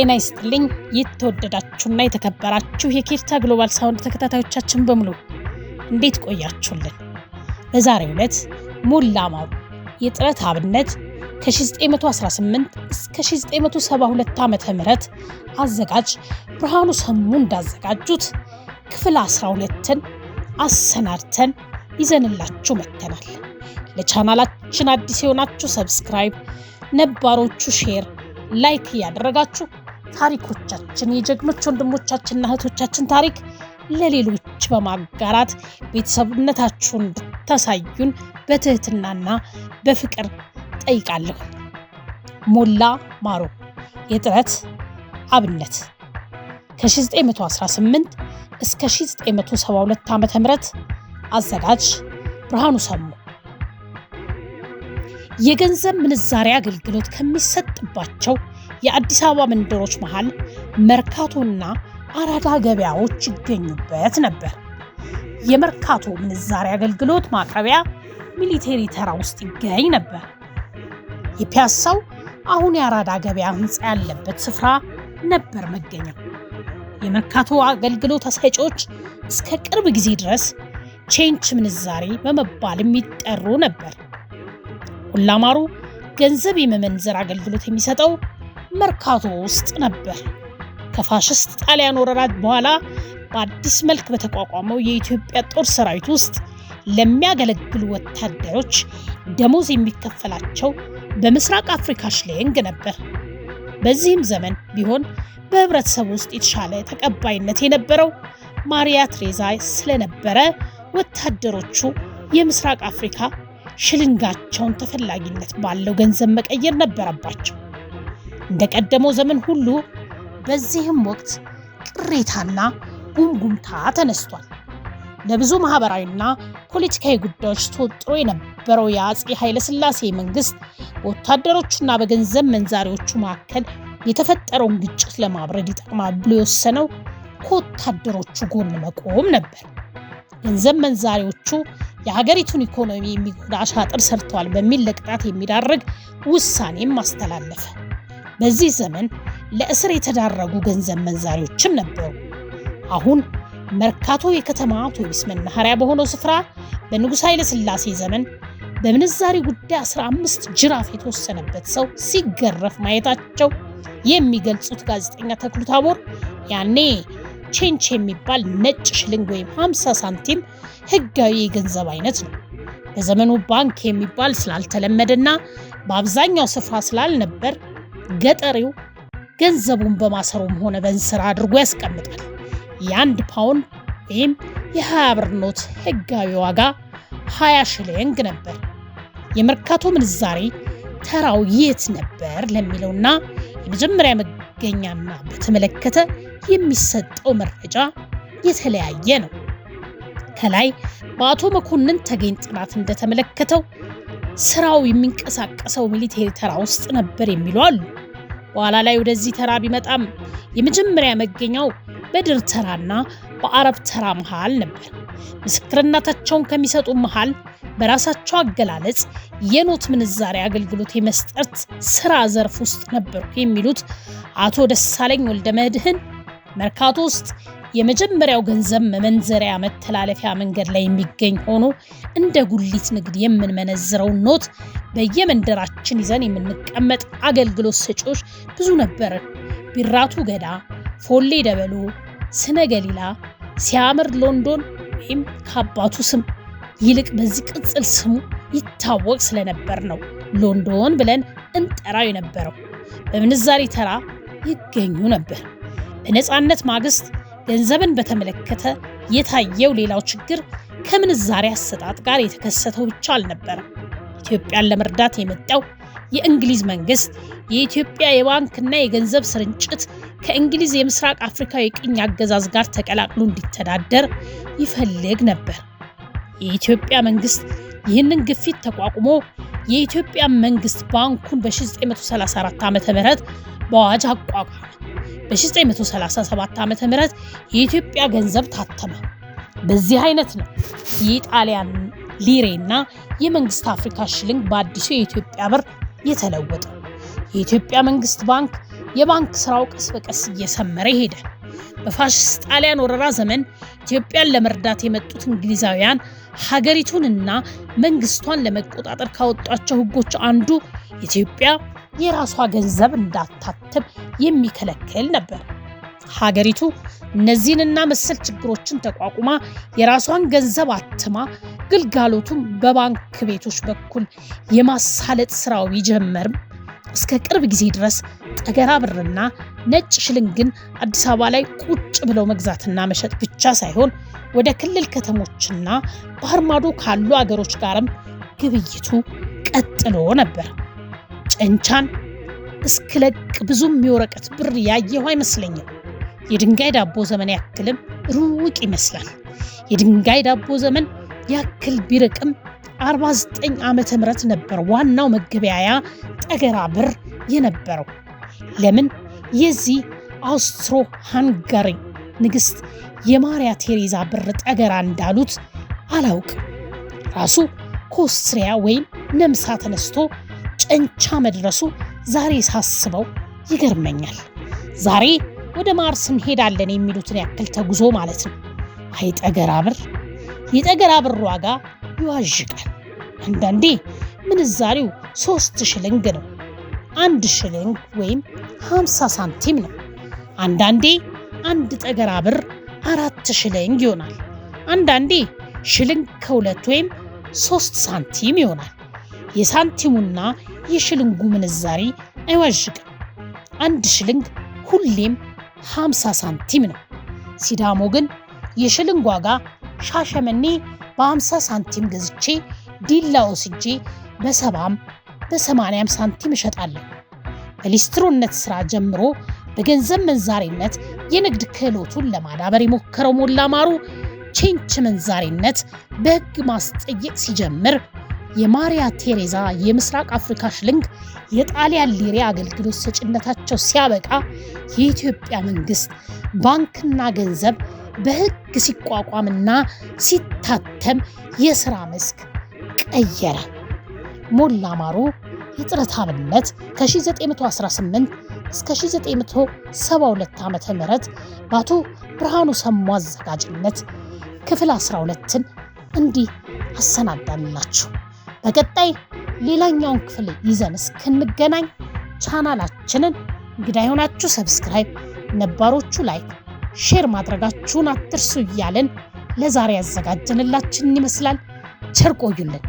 ጤና ይስጥልኝ የተወደዳችሁና የተከበራችሁ የኬርታ ግሎባል ሳውንድ ተከታታዮቻችን በሙሉ እንዴት ቆያችሁልን? በዛሬው ዕለት ሞላ ማሩ የጥረት አብነት ከ1918 እስከ 1972 ዓ ም አዘጋጅ ብርሃኑ ሰሙ እንዳዘጋጁት ክፍል 12ን አሰናድተን ይዘንላችሁ መጥተናል። ለቻናላችን አዲስ የሆናችሁ ሰብስክራይብ ነባሮቹ ሼር ላይክ እያደረጋችሁ ታሪኮቻችን የጀግኖች ወንድሞቻችንና እህቶቻችን ታሪክ ለሌሎች በማጋራት ቤተሰብነታችሁን እንድታሳዩን በትህትናና በፍቅር ጠይቃለሁ። ሞላ ማሮ የጥረት አብነት ከ1918 እስከ 1972 ም አዘጋጅ ብርሃኑ ሰሙ የገንዘብ ምንዛሪ አገልግሎት ከሚሰጥባቸው የአዲስ አበባ መንደሮች መሃል መርካቶና አራዳ ገበያዎች ይገኙበት ነበር። የመርካቶ ምንዛሪ አገልግሎት ማቅረቢያ ሚሊቴሪ ተራ ውስጥ ይገኝ ነበር። የፒያሳው አሁን የአራዳ ገበያ ህንፃ ያለበት ስፍራ ነበር መገኘው። የመርካቶ አገልግሎት አሳጮች እስከ ቅርብ ጊዜ ድረስ ቼንች ምንዛሬ በመባልም ይጠሩ ነበር። ቁላማሩ ገንዘብ የመመንዘር አገልግሎት የሚሰጠው መርካቶ ውስጥ ነበር። ከፋሽስት ጣሊያን ወረራት በኋላ በአዲስ መልክ በተቋቋመው የኢትዮጵያ ጦር ሰራዊት ውስጥ ለሚያገለግሉ ወታደሮች ደሞዝ የሚከፈላቸው በምስራቅ አፍሪካ ሽሌንግ ነበር። በዚህም ዘመን ቢሆን በህብረተሰብ ውስጥ የተሻለ ተቀባይነት የነበረው ማሪያ ትሬዛ ስለነበረ ወታደሮቹ የምስራቅ አፍሪካ ሽልንጋቸውን ተፈላጊነት ባለው ገንዘብ መቀየር ነበረባቸው። እንደቀደመው ዘመን ሁሉ በዚህም ወቅት ቅሬታና ጉምጉምታ ተነስቷል። ለብዙ ማህበራዊና ፖለቲካዊ ጉዳዮች ተወጥሮ የነበረው የአፄ ኃይለሥላሴ መንግስት በወታደሮቹና በገንዘብ መንዛሪዎቹ መካከል የተፈጠረውን ግጭት ለማብረድ ይጠቅማል ብሎ የወሰነው ከወታደሮቹ ጎን መቆም ነበር። ገንዘብ መንዛሪዎቹ የሀገሪቱን ኢኮኖሚ የሚጎዳ አሻጥር ሰርተዋል በሚል ለቅጣት የሚዳርግ ውሳኔም አስተላለፈ። በዚህ ዘመን ለእስር የተዳረጉ ገንዘብ መንዛሪዎችም ነበሩ። አሁን መርካቶ የከተማ አውቶቡስ መናኸሪያ በሆነው ስፍራ በንጉሥ ኃይለ ሥላሴ ዘመን በምንዛሪ ጉዳይ 15 ጅራፍ የተወሰነበት ሰው ሲገረፍ ማየታቸው የሚገልጹት ጋዜጠኛ ተክሉ ታቦር ያኔ ቼንች የሚባል ነጭ ሽልንግ ወይም 50 ሳንቲም ህጋዊ የገንዘብ አይነት ነው። በዘመኑ ባንክ የሚባል ስላልተለመደና በአብዛኛው ስፍራ ስላልነበር ገጠሪው ገንዘቡን በማሰሩም ሆነ በእንስራ አድርጎ ያስቀምጣል። የአንድ ፓውንድ ወይም የ20 ብር ኖት ህጋዊ ዋጋ 20 ሽልንግ ነበር። የመርካቶ ምንዛሬ ተራው የት ነበር ለሚለውና የመጀመሪያ መገኛና በተመለከተ የሚሰጠው መረጃ የተለያየ ነው። ከላይ በአቶ መኮንን ተገኝ ጥናት እንደተመለከተው ስራው የሚንቀሳቀሰው ሚሊቴሪ ተራ ውስጥ ነበር የሚሉ አሉ። በኋላ ላይ ወደዚህ ተራ ቢመጣም የመጀመሪያ መገኛው በድር ተራና በአረብ ተራ መሃል ነበር። ምስክርነታቸውን ከሚሰጡ መሃል በራሳቸው አገላለጽ የኖት ምንዛሬ አገልግሎት የመስጠት ስራ ዘርፍ ውስጥ ነበርኩ የሚሉት አቶ ደሳለኝ ወልደ መድህን መርካቶ ውስጥ የመጀመሪያው ገንዘብ መመንዘሪያ መተላለፊያ መንገድ ላይ የሚገኝ ሆኖ እንደ ጉሊት ንግድ የምንመነዝረውን ኖት በየመንደራችን ይዘን የምንቀመጥ አገልግሎት ሰጪዎች ብዙ ነበር። ቢራቱ ገዳ፣ ፎሌ ደበሎ፣ ስነ ገሊላ፣ ሲያምር ሎንዶን ወይም ከአባቱ ስም ይልቅ በዚህ ቅጽል ስሙ ይታወቅ ስለነበር ነው ሎንዶን ብለን እንጠራው የነበረው። በምንዛሬ ተራ ይገኙ ነበር። በነፃነት ማግስት ገንዘብን በተመለከተ የታየው ሌላው ችግር ከምንዛሬ አሰጣጥ ጋር የተከሰተው ብቻ አልነበረም። ኢትዮጵያን ለመርዳት የመጣው የእንግሊዝ መንግስት የኢትዮጵያ የባንክና የገንዘብ ስርንጭት ከእንግሊዝ የምስራቅ አፍሪካ የቅኝ አገዛዝ ጋር ተቀላቅሎ እንዲተዳደር ይፈልግ ነበር። የኢትዮጵያ መንግስት ይህንን ግፊት ተቋቁሞ የኢትዮጵያ መንግስት ባንኩን በ1934 ዓ ም በአዋጅ አቋቋመ። በ1937 ዓ ም የኢትዮጵያ ገንዘብ ታተመ። በዚህ አይነት ነው የኢጣሊያን ሊሬ እና የመንግስት አፍሪካ ሽልንግ በአዲሱ የኢትዮጵያ ብር የተለወጠ። የኢትዮጵያ መንግስት ባንክ የባንክ ስራው ቀስ በቀስ እየሰመረ ይሄዳል በፋሽስት ጣሊያን ወረራ ዘመን ኢትዮጵያን ለመርዳት የመጡት እንግሊዛውያን ሀገሪቱንና መንግስቷን ለመቆጣጠር ካወጧቸው ህጎች አንዱ ኢትዮጵያ የራሷ ገንዘብ እንዳታትም የሚከለክል ነበር። ሀገሪቱ እነዚህንና መሰል ችግሮችን ተቋቁማ የራሷን ገንዘብ አትማ ግልጋሎቱን በባንክ ቤቶች በኩል የማሳለጥ ስራው ይጀመርም እስከ ቅርብ ጊዜ ድረስ ጠገራ ብርና ነጭ ሽልንግን አዲስ አበባ ላይ ቁጭ ብለው መግዛትና መሸጥ ብቻ ሳይሆን ወደ ክልል ከተሞችና ባህር ማዶ ካሉ አገሮች ጋርም ግብይቱ ቀጥሎ ነበር። ጨንቻን እስክለቅ ብዙም የወረቀት ብር ያየው አይመስለኝም። የድንጋይ ዳቦ ዘመን ያክልም ሩቅ ይመስላል። የድንጋይ ዳቦ ዘመን ያክል ቢርቅም 49 ዓመተ ምህረት ነበር ዋናው መገበያያ ጠገራ ብር የነበረው። ለምን የዚህ አውስትሮ ሃንጋሪ ንግስት የማሪያ ቴሬዛ ብር ጠገራ እንዳሉት አላውቅም። ራሱ ከኦስትሪያ ወይም ነምሳ ተነስቶ ጨንቻ መድረሱ ዛሬ ሳስበው ይገርመኛል። ዛሬ ወደ ማርስ እንሄዳለን የሚሉትን ያክል ተጉዞ ማለት ነው። አይ ጠገራ ብር የጠገራ ብር ዋጋ ይዋዥቃል። አንዳንዴ ምንዛሬው ሶስት ሽልንግ ነው። አንድ ሽልንግ ወይም 50 ሳንቲም ነው። አንዳንዴ አንድ ጠገራ ብር አራት ሽልንግ ይሆናል። አንዳንዴ ሽልንግ ከሁለት ወይም ሶስት ሳንቲም ይሆናል። የሳንቲሙና የሽልንጉ ምንዛሪ አይዋዥቅም። አንድ ሽልንግ ሁሌም 50 ሳንቲም ነው። ሲዳሞ ግን የሽልንግ ዋጋ ሻሸመኔ በ50 ሳንቲም ገዝቼ ዲላ ወስጄ በሰባም በሰማንያም ሳንቲም እሸጣለሁ። በሊስትሮነት ስራ ጀምሮ በገንዘብ መንዛሪነት የንግድ ክህሎቱን ለማዳበር የሞከረው ሞላ ማሩ ቼንች መንዛሪነት በሕግ ማስጠየቅ ሲጀምር የማሪያ ቴሬዛ የምስራቅ አፍሪካ ሽልንግ የጣሊያን ሊሬ አገልግሎት ሰጭነታቸው ሲያበቃ የኢትዮጵያ መንግስት ባንክና ገንዘብ በህግ ሲቋቋምና ሲታተም የስራ መስክ ቀየረ። ሞላ ማሩ የጥረት አብነት ከ1918 እስከ 1972 ዓ ም በአቶ ብርሃኑ ሰሙ አዘጋጅነት ክፍል 12ን እንዲህ አሰናዳንላችሁ። በቀጣይ ሌላኛውን ክፍል ይዘን እስክንገናኝ ቻናላችንን እንግዳ የሆናችሁ ሰብስክራይብ፣ ነባሮቹ ላይክ ሼር ማድረጋችሁን አትርሱ እያለን ለዛሬ ያዘጋጀንላችን ይመስላል። ቸር ቆዩልን።